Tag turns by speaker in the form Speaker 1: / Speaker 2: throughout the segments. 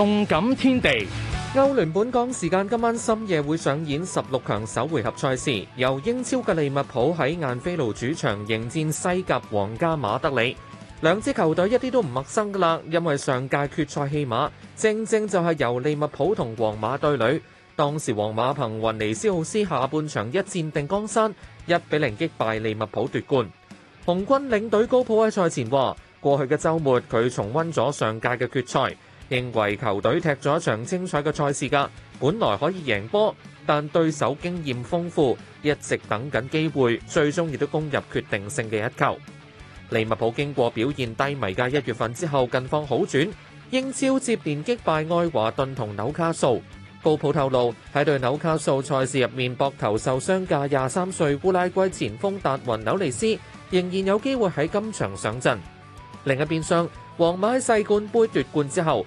Speaker 1: 動感天地，歐聯本港時間今晚深夜會上演十六強首回合賽事，由英超嘅利物浦喺晏菲路主場迎戰西甲皇家馬德里。兩支球隊一啲都唔陌生噶啦，因為上屆決賽戲碼正正就係由利物浦同皇馬對壘。當時皇馬憑雲尼斯奧斯下半場一戰定江山，一比零擊敗利物浦奪冠。紅軍領隊高普喺賽前話：過去嘅周末佢重溫咗上屆嘅決賽。認為球隊踢咗一場精彩嘅賽事噶本來可以贏波，但對手經驗豐富，一直等緊機會，最終亦都攻入決定性嘅一球。利物浦經過表現低迷嘅一月份之後，近況好轉，英超接連擊敗愛華頓同紐卡素。高普透露喺對紐卡素賽事入面膊頭受傷嘅廿三歲烏拉圭前鋒達雲紐尼斯，仍然有機會喺今場上陣。另一邊廂，皇馬喺世冠盃奪冠之後，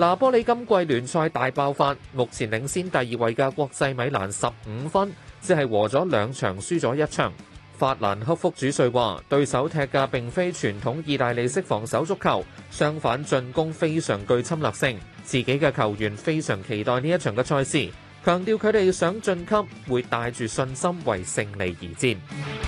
Speaker 1: 拿波里今季聯賽大爆發，目前領先第二位嘅國際米蘭十五分，只係和咗兩場，輸咗一場。法蘭克福主帥話：對手踢嘅並非傳統意大利式防守足球，相反進攻非常具侵略性，自己嘅球員非常期待呢一場嘅賽事，強調佢哋想晉級，會帶住信心為勝利而戰。